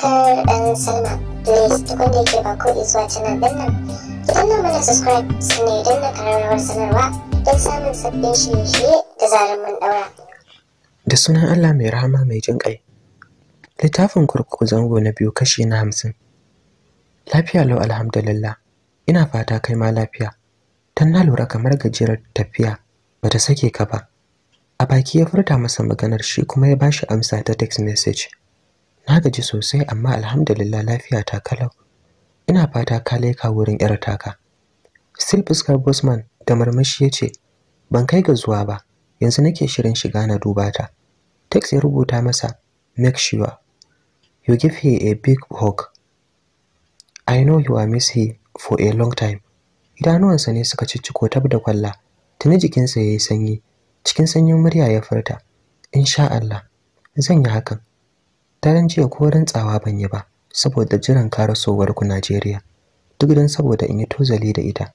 subscribe and sign up. Please da subscribe sanarwa don samun sabbin da sunan Allah mai rahama mai jin ƙai. Littafin kurkuku zango na biyu kashi na hamsin. Lafiya lau alhamdulillah. Ina fata kai ma lafiya. Tan na lura kamar gajerar tafiya bata sake ka ba. A baki ya furta masa maganar shi kuma ya bashi amsa ta text message. Na gaji sosai amma alhamdulillah lafiya ta kalau. Ina fata ka laika wurin 'yar taka. Still fuskar Bosman da marmashi ya ce, Ban kai ga zuwa ba, yanzu nake shirin shiga na duba ta. Tex ya rubuta masa, Make sure you give her a big hug. I know you are miss for a long time. Idanuwansa ne suka cicciko tab da kwalla, tuni jikinsa ya yi sanyi, cikin sanyin murya ya furta. Insha Allah, zan yi hakan. Daren jiya ko rantsawa ban yi ba saboda jiran karasowar ku Najeriya. Duk dan saboda in yi tozali da ita.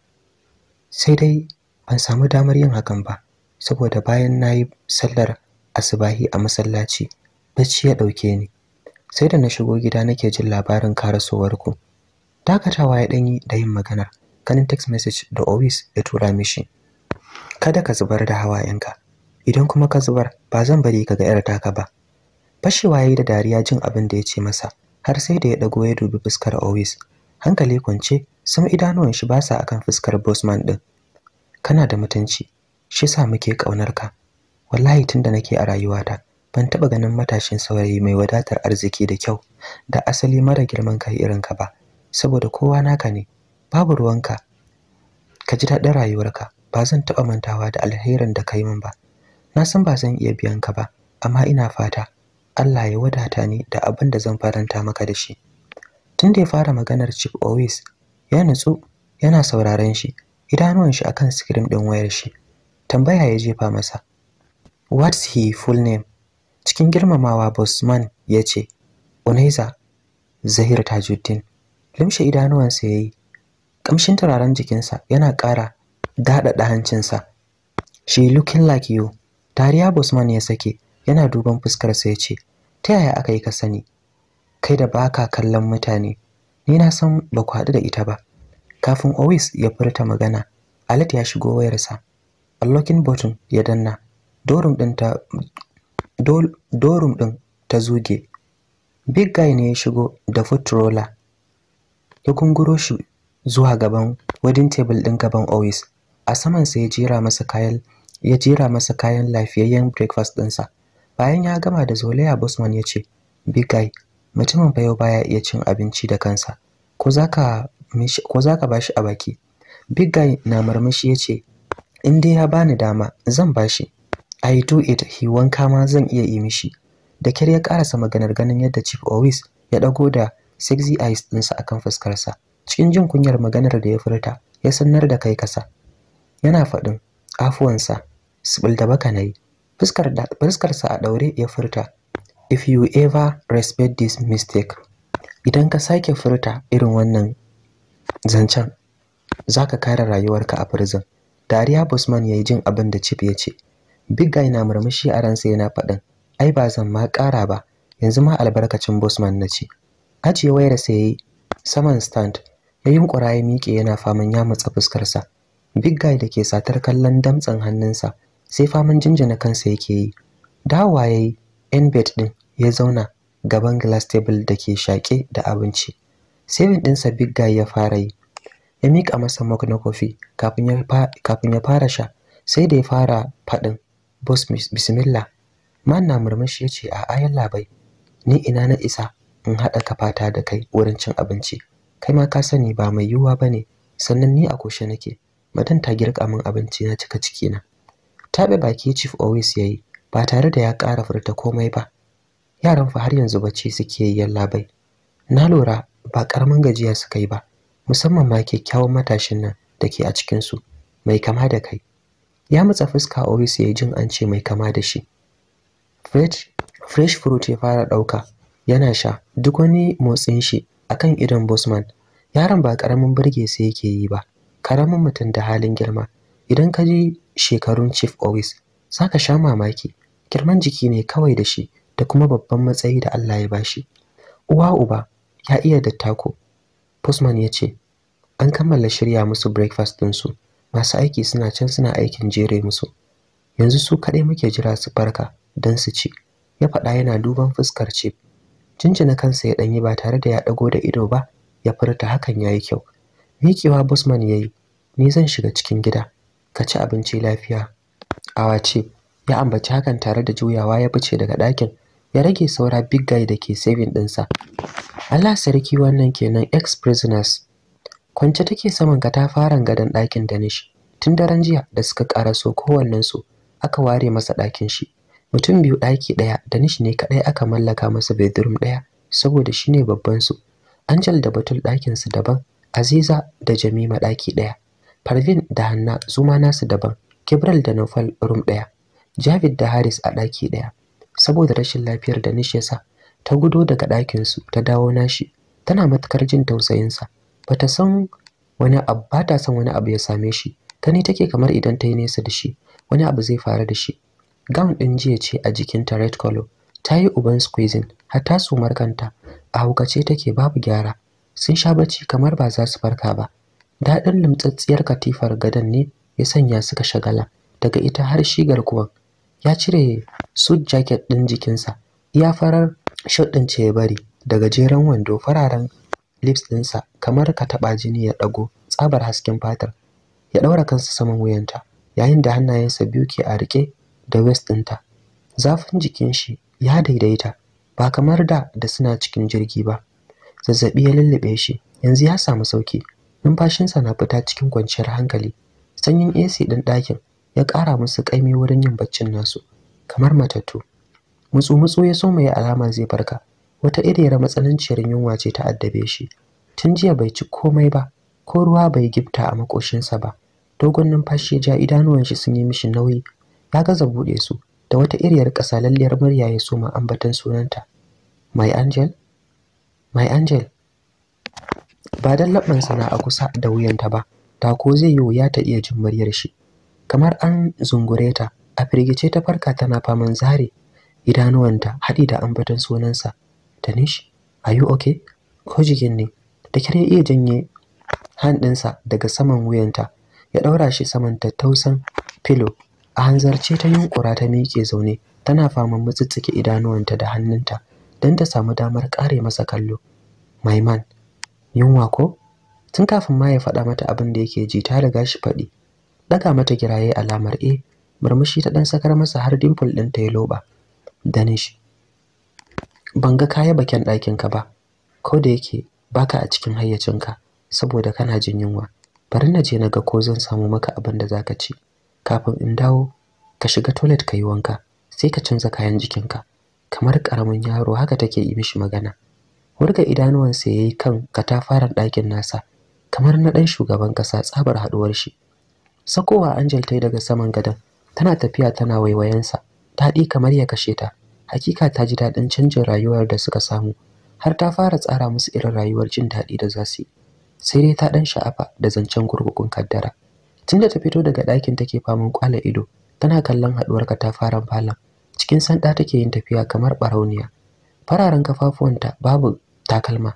Sai dai ban samu damar yin hakan ba saboda bayan na yi sallar asubahi a masallaci bacci ya dauke ni. Sai da na shigo gida nake jin labarin karasowar ku. Dakatawa ya danyi da yin magana, kanin text message da always ya tura mishi. Kada ka zubar da hawayenka. Idan kuma ka zubar ba zan bari ka ga 'yar taka ba. fashewa yi da dariya jin abin da ya ce masa har sai da ya dago ya dubi fuskar Owis hankali kwance sun idanuwan shi ba sa akan fuskar Bosman din kana da mutunci shi sa muke kaunar ka wallahi tunda nake a rayuwata ban taɓa ganin matashin saurayi mai wadatar arziki da kyau da asali mara girman kai irin ka ba saboda kowa naka ne babu ruwanka ka ji daɗin rayuwarka ba zan taɓa mantawa da alherin da kai min ba na san ba zan iya biyan ka ba amma ina fata Allah ya wadata ni da abin da zan faranta maka da shi tun da ya fara maganar Chief Owis ya nutsu yana sauraron shi idanuwan shi akan screen din wayar shi tambaya ya jefa masa what's he full name cikin girmamawa Bosman ya ce Unaiza Zahir Tajuddin limshe idanuwansa yayi kamshin turaren jikinsa yana ƙara daɗaɗa hancinsa she looking like you tariya Bosman ya sake yana duban fuskarsa ya ce ta yaya aka yi ka sani kai da baka kallon mutane ni na san ba ku hadu da ita ba kafin Owis ya furta magana Alat ya shigo wayarsa unlocking button ya danna dorum din ta dorum din ta zuge big guy ne ya shigo da foot roller ya kunguro shi zuwa gaban wedding table din gaban Owis a saman sa ya jira masa kayan ya jira masa kayan lafiyayyen breakfast ɗinsa. Bayan ya gama da zolaya Bosman ya ce, Big guy, mutumin bayo baya iya cin abinci da kansa, ko za ka bashi a baki? Big guy na marmashi ya ce, In ya bani dama, zan bashi. I do it, he wanka ma zan iya yi mishi. Da kyar ya karasa maganar ganin yadda Chief Owis ya ɗago da sexy eyes ɗinsa kan fuskarsa. Cikin jin kunyar maganar da ya furta, ya sanar da kai kasa. Yana faɗin, afuwansa, sibil da baka na yi. fuskarsa a ɗaure ya furta if you ever respect this mistake idan ka sake furta irin wannan zancen za ka kare rayuwarka a prison dariya Busman ya yi jin abin da chip ya ce big guy na murmushi a ransa yana faɗin ai ba zan ma ƙara ba yanzu ma albarkacin Busman na ce ajiye wayar sa yi. saman stand ya yi ya miƙe yana faman ya matsa fuskarsa big guy da ke satar kallon damtsan hannunsa sai faman jinjina kansa yake yi dawowa ya yi yan ɗin ya zauna gaban glass table da ke shaƙe da abinci saving ɗinsa big guy ya fara yi ya mika masa mug na kofi kafin ya fara sha sai da ya fara faɗin boss bismillah man na murmushi ya ce a ayan labai ni ina na isa in haɗa fata da kai wurin cin abinci kai ma ka sani ba mai yiwuwa ba ne sannan ni a koshe nake madan ta girka min abinci na cika cikina taɓe baki chief always yayi ba tare da ya ƙara furta komai ba yaran fa har yanzu bacci suke yi yallabai na lura ba karamin gajiya suka yi ba musamman ma kyakkyawan matashin nan da ke a cikinsu mai kama da kai ya matsa fuska always yayi jin an ce mai kama da shi fresh fresh fruit ya fara ɗauka yana sha duk wani motsin shi akan idon bosman yaron ba karamin burge sai yake yi ba karamin mutum da halin girma idan ka ji shekarun Chief Owis, saka sha mamaki, girman jiki ne kawai da shi da kuma babban matsayi da Allah ya bashi. Uwa uba ya iya da tako Postman ya ce, an kammala shirya musu breakfast ɗinsu, masu aiki suna can suna aikin jere musu. Yanzu su kaɗai muke jira su farka don su ci, ya faɗa yana duban fuskar Chief. Jinjina kansa ya ɗanyi ba tare da ya ɗago da ido ba, ya furta hakan ya yi kyau. Miƙewa Bosman ya yi, ni zan shiga cikin gida. ka ci abinci lafiya awace ya ambaci hakan tare da juyawa ya fice daga ɗakin ya rage saura big guy da ke saving ɗinsa Allah sarki wannan kenan ex prisoners kwance take saman katafaren gadon ɗakin danish tun daren jiya da suka karaso kowannensu aka ware masa ɗakin shi mutum biyu ɗaki ɗaya danish ne kaɗai aka mallaka masa bedroom ɗaya saboda shine babban su angel da batul ɗakinsu daban aziza da jamima ɗaki ɗaya Parvin da Hanna su ma nasu daban, Gabriel da Nufal rum ɗaya, Javid da Haris a ɗaki ɗaya. Saboda rashin lafiyar da Nish yasa, ta gudo daga ɗakinsu ta dawo nashi, tana matukar jin tausayinsa. Bata san wani abu ba ta san wani abu ya same shi, gani take kamar idan ta yi nesa da shi, wani abu zai faru da shi. Gown ɗin jiya ce a jikinta red color, ta yi uban squeezing, har ta sumar kanta, a haukace take babu gyara. Sun sha bacci kamar ba za su farka ba. Daɗin limtsatsiyar katifar gadon ne ya sanya suka shagala daga ita har shi garkuwan. Ya cire suit jacket ɗin jikinsa, iya farar shirt ce ya bari da gajeren wando fararen lips ɗinsa kamar ka taɓa jini ya ɗago tsabar hasken fatar. Ya ɗaura kansa saman wuyanta yayin da hannayensa biyu ke a riƙe da waist ɗinta. Zafin jikin shi ya daidaita ba kamar da da suna cikin jirgi ba. Zazzaɓi ya lullube shi yanzu ya samu sauki numfashinsa na fita cikin kwanciyar hankali sanyin AC ɗin ɗakin ya ƙara musu ƙaimi wurin yin baccin nasu kamar matattu mutsu-mutsu ya so ya alama zai farka wata iriyar matsananciyar yunwa ce ta addabe shi tun jiya bai ci komai ba ko ruwa bai gifta a makoshinsa ba dogon numfashi ya ja idanuwan shi sun yi mishi nauyi ya gaza buɗe su da wata iriyar lalliyar murya ya soma ambatan sunanta my angel my angel ba dan labbansa na a kusa da wuyanta ba ta ko zai yi wuya ta iya jin muryar shi kamar an zungureta, ta a firgice ta farka tana faman zare idanuwanta haɗi da an ambaton sunansa tanish are you okay ko jikin ne da kire iya janye hanɗinsa daga saman wuyanta ya ɗaura shi saman tattausan filo a hanzarce ta yunkura ta miƙe zaune tana faman mutsitsike idanuwanta da hannunta don ta samu damar ƙare masa kallo maiman yunwa ko tun kafin ma ya faɗa mata abin da yake ji ta riga shi faɗi daga mata giraye alamar e murmushi ta ɗan sakar masa har dimple ɗin ta ya loba shi. ban ga kaya bakin ka ba ko da yake baka a cikin hayyacinka saboda kana jin yunwa bari na je na ga ko zan samu maka abin da zaka ci kafin in dawo ka shiga toilet ka yi wanka sai ka canza kayan jikinka kamar karamin yaro haka take yi mishi magana Wurga idanuwansa ya yi kan katafaren ɗakin nasa, kamar na ɗan shugaban ƙasa tsabar haɗuwar shi. Sakowa Angel ta daga saman gadon, tana tafiya tana waiwayensa, daɗi kamar ya kashe ta. Hakika ta ji daɗin canjin rayuwar da suka samu, har ta fara tsara musu irin rayuwar jin daɗi da za su yi. Sai dai ta ɗan sha'afa da zancen gurgurkun kaddara. Tunda ta fito daga ɗakin take faman kwala ido, tana kallon haɗuwar katafaren falon. Cikin sanɗa take yin tafiya kamar ɓarauniya Fararen kafafuwanta babu takalma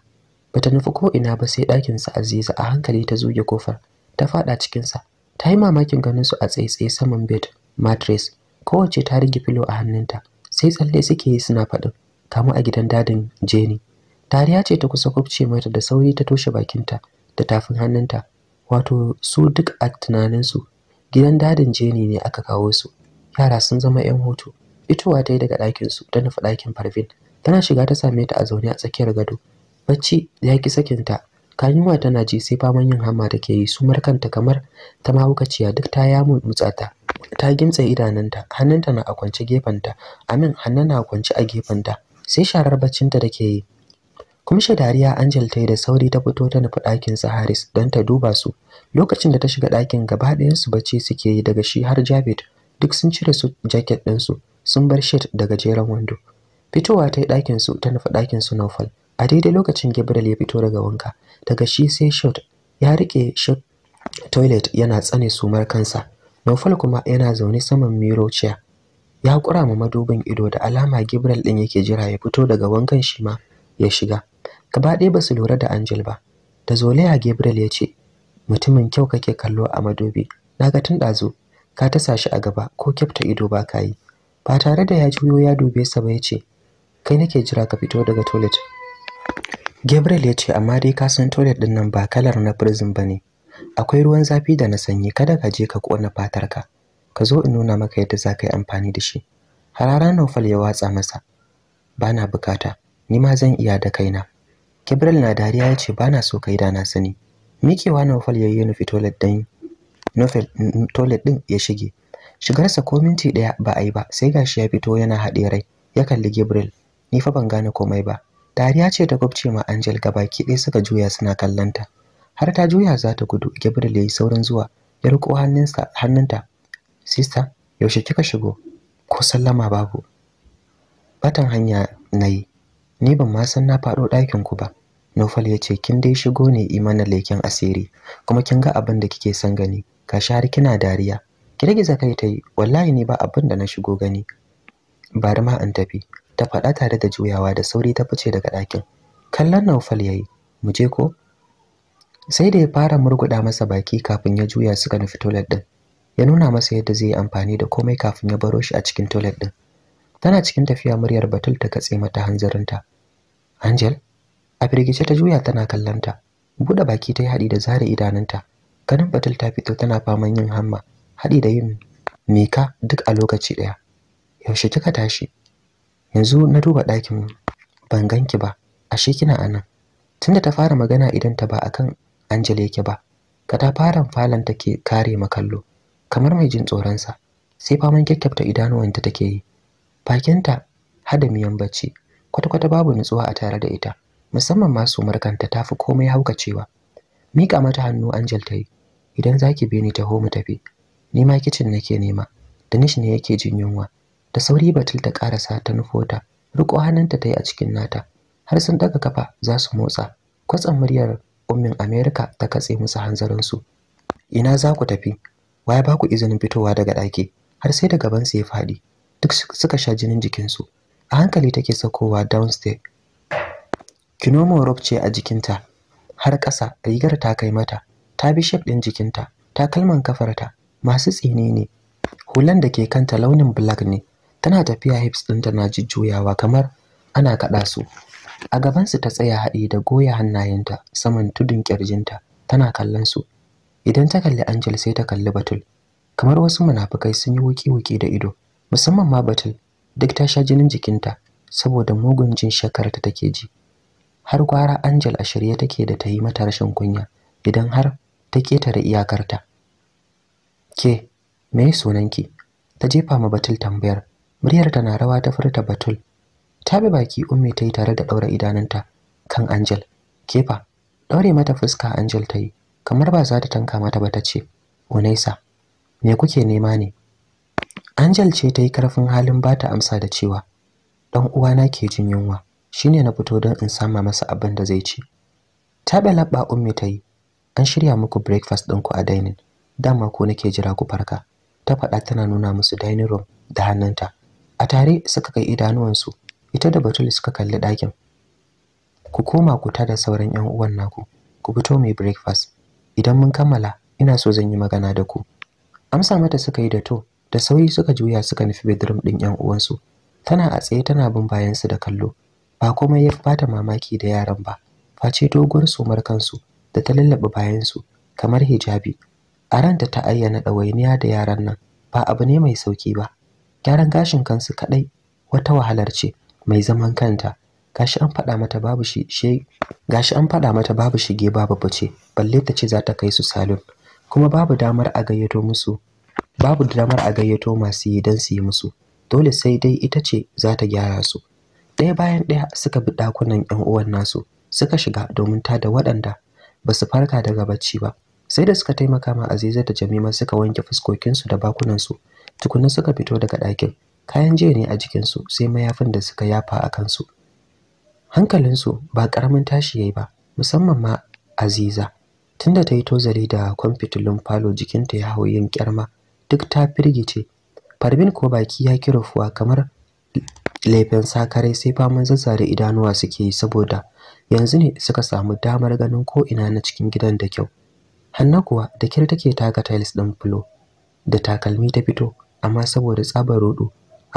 bata nufi ko ina ba sai ɗakin sa Aziza a hankali ta zuge kofar ta fada cikin sa ta yi mamakin ganin su a tsaitsaye saman bed mattress kowace ta rige filo a hannunta sai tsalle suke yi suna faɗin kamu a gidan dadin Jenny Dariya ce ta kusa kubce mata da sauri ta toshe bakinta da tafin hannunta. Wato su duk a tunanin su gidan dadin jeni ne aka kawo su. Yara sun zama 'yan hutu. Fitowa wata yi daga ɗakinsu ta nufi ɗakin Parvin tana shiga ta same ta a zaune a tsakiyar gado bacci ya ki sakinta kanuwa tana ji sai faman yin hamma ke yi su markanta kamar ta mahaukaciya duk ta yamu mutsata ta gimtsa idanunta hannunta na a kwance ta amin hannun na kwance a ta sai sharar baccinta ke yi kumshe dariya angel ta yi da sauri ta fito ta nufi ɗakin sa haris don ta duba su lokacin da ta shiga ɗakin gaba ɗayansu bacci suke yi daga shi har jabet duk sun cire su jaket ɗinsu sun bar shet da gajeren wando fitowa ta yi ɗakin su ta nufi ɗakin su Naufal a daidai lokacin Gabriel ya fito daga wanka daga shi sai shot ya rike shot toilet yana tsane sumar kansa Naufal kuma yana zaune saman miro chair ya kura ma madubin ido da alama Gabriel ɗin yake jira ya fito daga wankan shi ma ya shiga gaba ɗaya ba su lura da Angel ba da zolaya Gabriel ya ce mutumin kyau kake kallo a madubi ga tun ɗazu ka ta shi a gaba ko kyafta ido ba ka yi ba tare da ya juyo ya dube sa ba ya ce kai nake jira ka fito daga toilet Gabriel ya ce amma dai ka san toilet din nan ba kalar na prison bane akwai ruwan zafi da na sanyi kada ka je ka kona fatar ka Ka zo in nuna maka yadda za ka yi amfani da shi harara Nofal ya watsa masa bana bukata ni ma zan iya da kaina Gabriel na dariya ya ce bana so kai da na sani mikewa Nofal ya yi nufi toilet din Nofal toilet din ya shige shigarsa ko minti daya ba a yi ba sai gashi ya fito yana haɗe rai ya kalli Gabriel ni fa ban gane komai ba dariya ce ta kwabce ma Angel gabaki ɗaya suka juya suna kallanta har ta juya za ta gudu Gabriel yayi saurin zuwa ya riko hannunsa hannunta Sista, yaushe kika shigo ko sallama babu batan hanya na yi. ni ban ma san na faɗo ɗakin ku ba Nofal ya ce kin dai shigo ne imanin leken asiri kuma kin ga abin da kike san gani ka har kina dariya girgiza kai ta yi wallahi ne ba abin da na shigo gani bari ma an tafi ta faɗa tare da juyawa da sauri ta fice daga ɗakin kallon naufal ya yi mu je ko sai da ya fara murguɗa masa baki kafin ya juya suka nufi tolet ɗin ya nuna masa yadda zai yi amfani da komai kafin ya baro shi a cikin toilet ɗin tana cikin tafiya muryar batul ta katse mata hanzarinta angel a firgice ta juya tana kallonta buɗe baki ta yi haɗi da zare idanunta ganin batul ta fito tana faman yin hamma haɗi da yin mika duk a lokaci ɗaya yaushe kika tashi yanzu na duba ɗakin ban ganki ba ashe kina anan tunda ta fara magana idan ta ba akan Angela yake ba katafaren falon take kare makallo kamar mai jin tsoron sa. sai faman kyakkyafta ta take yi bakinta hada miyan bacci kwata-kwata babu nutsuwa a tare da ita musamman ma su markanta tafi komai haukacewa mika mata hannu Angel ta yi idan zaki bi ni taho mu tafi ni ma kitchen nake nema Danish ne yake jin yunwa da sauri batul ta karasa ta nufo ta riko hannunta ta yi a cikin nata har sun daga kafa za su motsa kwatsam muryar ummin amerika ta katse musu hanzarinsu ina za ku tafi waya ba ku izinin fitowa daga ɗaki har sai da gaban su ya faɗi duk suka sha jinin jikinsu a hankali take sakowa downstairs kinomo rob ce a jikinta har ƙasa rigar ta kai mata ta bi shef ɗin jikinta takalman kafarta masu tsini ne hulan da ke kanta launin black ne tana tafiya hips ɗinta tana jujjuyawa kamar ana kaɗa su a gabansu ta tsaya haɗi da goya hannayenta saman tudun ƙirjinta tana kallon su idan ta kalli angel sai ta kalli batul kamar wasu munafukai sun yi wuki-wuki da ido musamman ma batul duk ta sha jinin jikinta saboda mugun jin shakar ta take ji har gwara angel a shirye take da ta yi mata rashin kunya idan har ta ketare iyakarta ke me sunanki ta jefa ma batul tambayar muryar ta na rawa ta furta batul ta bi baki ummi ta yi tare da ɗaure idanunta kan angel kefa daure mata fuska angel ta yi kamar ba za ta tanka mata ba ta ce unaisa me kuke nema ne angel ce ta yi karfin halin ba ta amsa da cewa ɗan uwana ke jin yunwa shine na fito don in sama masa abin da zai ci ta labba ummi ta yi an shirya muku breakfast ɗinku a dining dama ko nake jira ku farka ta faɗa tana nuna musu dining room da hannunta a tare suka kai idanuwansu ita da batul suka kalli ɗakin ku koma ku tada sauran yan uwan naku ku fito mai breakfast idan mun kammala ina so zan yi magana da ku amsa mata suka yi da to da sauyi suka juya suka nufi bedroom ɗin yan uwansu tana a tsaye tana bin bayansu da kallo ba komai ya bata mamaki da yaran ba face doguwar somar kansu da ta lallaba bayansu kamar hijabi a ranta ta ayyana ɗawainiya da yaran nan ba abu ne mai sauki ba gyaran gashin kansu kadai wata wahalar ce mai zaman kanta gashi an faɗa mata babu shi she gashi an faɗa mata babu shige babu bace balle ta ce za ta kai su salon kuma babu damar a gayyato musu babu damar a gayyato masu yi don su yi musu dole sai dai ita ce za ta gyara su ɗaya bayan ɗaya suka bi ɗakunan 'yan uwan nasu suka shiga domin ta da waɗanda ba su farka daga bacci ba sai da suka taimaka ma Aziza da Jamima suka wanke fuskokinsu da bakunansu tukunna suka fito daga ɗakin kayan jiya ne a jikinsu sai mayafin da suka yafa a kansu hankalinsu ba ƙaramin tashi ya yi ba musamman ma aziza tunda ta yi tozali da kwamfitulun falo jikinta ya hau yin kyarma duk ta firgice farbin ko baki ya ki rufuwa kamar laifin sakarai sai faman zazzare idanuwa suke yi saboda yanzu ne suka samu damar ganin ko ina na cikin gidan da kyau hanna kuwa da kyar take taka tiles ɗin fulo da takalmi ta fito amma saboda tsabar rodo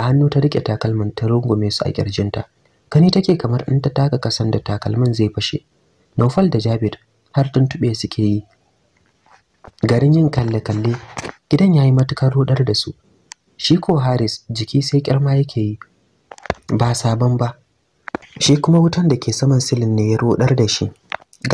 a hannu ta rike takalmin ta rungume su a kirjinta kani take kamar in ta taka kasan da takalmin zai fashe Naufal da Jabir har tuntube suke yi garin yin kalle-kalle gidan yayi matukar rodar da su shi ko Haris jiki sai kirma yake yi ba sabon ba shi kuma wutan da ke saman silin ne ya rodar da shi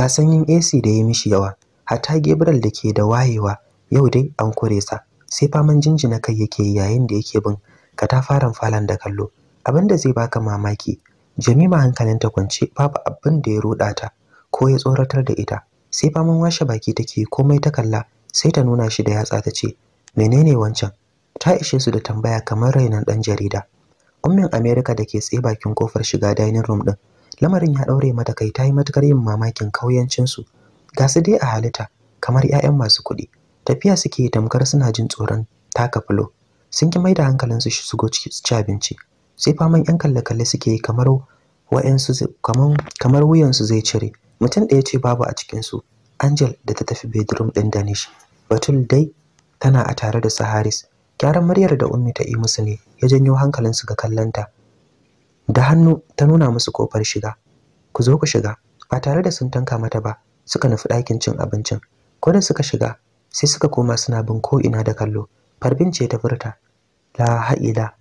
ga sanyin AC da ya mishi yawa hatta Gabriel da ke da wayewa yau dai an kure sa sai faman jinjina kai yake yi yayin da yake bin katafaren falon da kallo abin da zai baka mamaki jamima ta kwance babu abin da ya roɗa ta ko ya tsoratar da ita sai faman washe baki take komai ta kalla sai ta nuna shi da yatsa ta ce menene wancan ta ishe su da tambaya kamar rainan dan jarida ummin america da ke tsaye bakin kofar shiga dining room din lamarin ya daure mata kai ta yi matukar yin mamakin kauyancin su ga su dai a halitta kamar 'ya'yan masu kuɗi tafiya suke yi tamkar suna jin tsoron taka filo. sun ki maida hankalin su shigo cikin ci abinci sai faman yan kalle kalle suke yi kamar wuyansu kamar kamar wuyansu zai cire mutum ɗaya ce babu a cikin su Angel da ta tafi bedroom ɗin Danish Batul dai tana a tare da Saharis gyaran muryar da Ummi ta yi musu ne ya janyo hankalin su ga kallanta da hannu ta nuna musu kofar shiga ku zo ku shiga ba tare da sun tanka mata ba suka nufi ɗakin cin abincin ko da suka shiga sai suka koma suna bin ko'ina da kallo farbin ce ta furta la ha'ila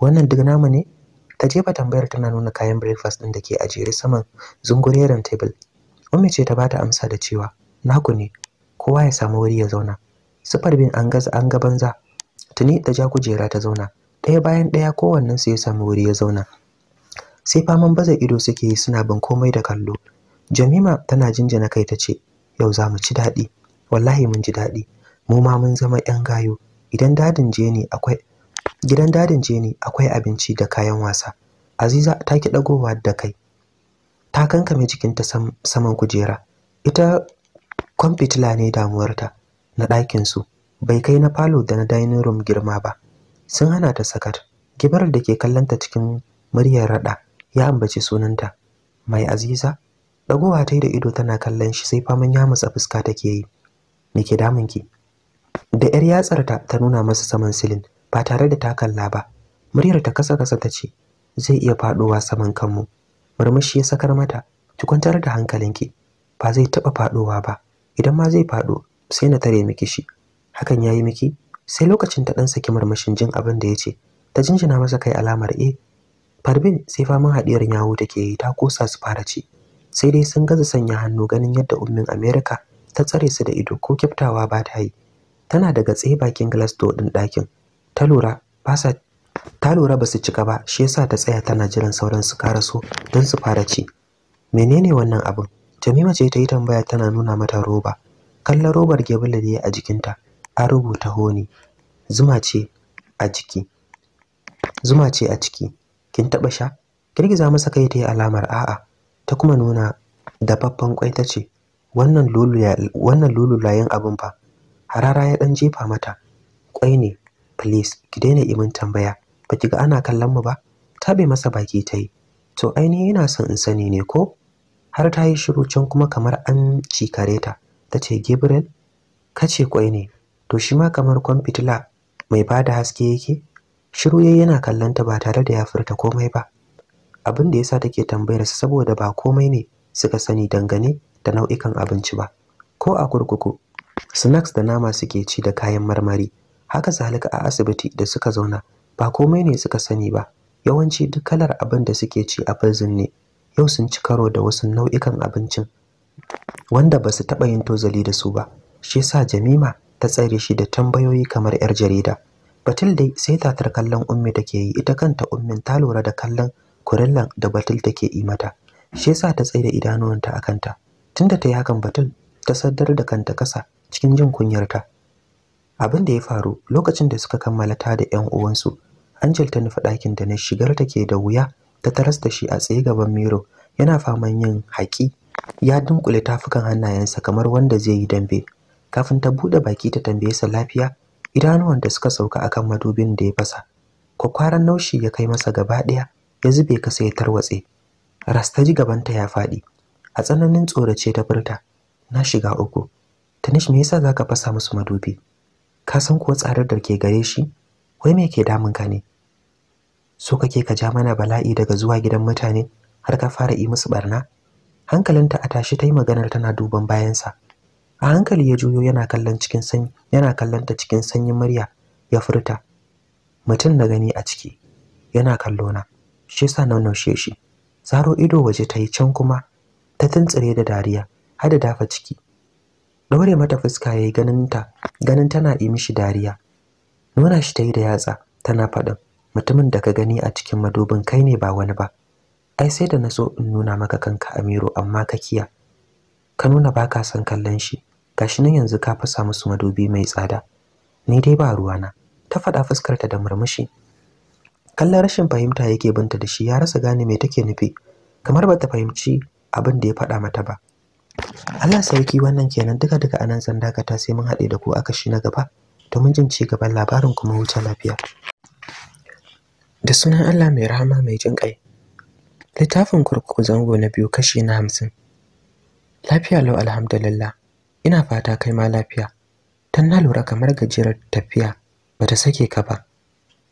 wannan duk namu ne ta jefa tambayar tana nuna kayan breakfast ɗin da ke a saman zungureren table ummi ce ta bata amsa da cewa naku ne kowa ya samu wuri ya zauna Su farbin an gaza an gabanza tuni da ja kujera ta zauna ɗaya bayan ɗaya kowannen su ya samu wuri ya zauna sai faman baza ido suke yi suna bin komai da kallo jamima tana jinjina kai ta ce yau za mu ci daɗi wallahi mun ji daɗi mu ma mun zama yan gayo idan dadin je ne akwai gidan dadin je ne akwai abinci da kayan wasa aziza ta ki dagowa da kai ta kankame jikinta saman kujera ita kwamfitila ne damuwar ta. na ɗakin su. bai kai na falo da na dining room girma ba sun hana ta sakat gibar da ke kallonta cikin muryar rada ya ambaci sunanta mai aziza dagowa ta yi da ido tana kallon shi sai faman ya fuska take yi me ke ki? da yar yatsar ta ta nuna masa saman silin ba tare da ta kalla ba muryar ta kasa kasa ta ce zai iya faɗowa saman kanmu murmushi ya sakar mata ki kwantar da hankalinki ba zai taɓa faɗowa ba idan ma zai faɗo sai na tare miki shi hakan yayi miki sai lokacin ta dan saki murmushin jin abin da yace ta jinjina masa kai alamar e farbin sai faman hadiyar yawo take yi ta kosa su fara ci sai dai sun gaza sanya hannu ganin yadda ummin America ta tsare su da ido ko kyaftawa ba ta yi tana daga tsaye bakin glass door din ɗakin ta lura ba sa ta lura ba su cika ba shi yasa ta tsaya tana jiran sauran su karaso don su fara ci menene wannan abin jamima ce ta yi tambaya tana nuna mata roba kallon robar gebula da ya a jikinta an rubuta honi zuma ce a ciki zuma ce a ciki kin taɓa sha girgiza masa kai ta yi alamar a'a ta kuma nuna dafaffen kwai ta ce wannan lululayen abin fa harara ya ɗan jefa mata Kwai ne please ki daina yi min tambaya ba ki ga ana kallon mu ba ta bai masa baki ta yi to ainihi yana son in sani ne ko har ta yi shiru can kuma kamar an cikare ta ta ce gabriel ka ce kwai ne to shi ma kamar kwan fitila mai bada haske yake shiru yayi yana kallon ta ba tare da ya furta komai ba abin da yasa take tambayar sa saboda ba komai ne suka sani dangane da nau'ikan abinci ba ko a kurkuku snacks da nama suke ci da kayan marmari haka zalika a asibiti da suka zauna ba komai ne suka sani ba yawanci duk kalar abin da suke ci a prison ne yau sun ci karo da wasu nau'ikan abincin wanda ba su taɓa yin tozali da su ba shi yasa jamima ta tsare shi da tambayoyi kamar 'yar jarida Batil dai sai tatar kallon ummi take yi ita kanta ummin ta lura da kallon kurillan da Batil take yi mata shi yasa ta tsaye da idanuwanta a kanta tunda ta yi hakan batun ta saddar da kanta kasa cikin jin kunyarta abin da ya faru lokacin da suka kammala ta da ƴan uwansu Angel ta nufi ɗakin da na shigar take da wuya ta taras da shi a tsaye gaban Miro yana faman yin haƙi ya dunkule tafukan hannayensa kamar wanda zai yi dambe kafin ta buɗe baki ta tambaye sa lafiya idanuwan da suka sauka akan madubin da ya fasa kwakwaran naushi ya kai masa gaba ɗaya ya zube kasa ya tarwatse Rasta ji gabanta ya faɗi a tsananin tsorace ta furta na shiga uku tanish me yasa zaka fasa musu madubi ka san kuwa tsarar da ke gare shi wai me ke damun ka ne so kake ka ja mana bala'i daga zuwa gidan mutane har ka fara yi musu barna hankalinta a tashi ta yi maganar tana duban bayansa a hankali ya juyo yana kallon cikin sanyi yana kallon ta cikin sanyin murya ya furta mutum na gani a ciki yana kallona shi yasa na naushe shi zaro ido waje ta yi can kuma ta tantsire da dariya har da dafa ciki daure mata fuska yayi ganin ta ganin tana yi mishi dariya nuna shi ta yi da yatsa tana faɗin mutumin da ka gani a cikin madubin kai ne ba wani ba ai sai da na so in nuna maka kanka Amiru amma ka kiya ka nuna baka son kallon shi gashi nan yanzu ka fasa musu madubi mai tsada ni dai ba ruwa na. ta faɗa fuskarta da murmushi kallon rashin fahimta yake binta da shi ya rasa gane me take nufi kamar bata fahimci abin da ya faɗa mata ba Allah sarki wannan kenan duka duka anan zan dakata sai mun haɗe da ku a kashi na gaba domin jin ci gaban labarin kuma wuce lafiya da sunan Allah mai rahama mai jin ƙai littafin kurkuku zango na biyu kashi na hamsin lafiya lau alhamdulillah ina fata kai ma lafiya tan na lura kamar gajerar tafiya bata sake ka ba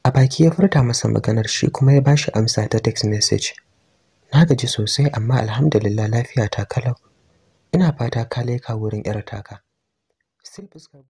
a baki ya furta masa maganar shi kuma ya bashi amsa ta text message Na gaji sosai amma alhamdulillah lafiya ta kalau. Ina fata ka leka wurin 'yar taka. fuskar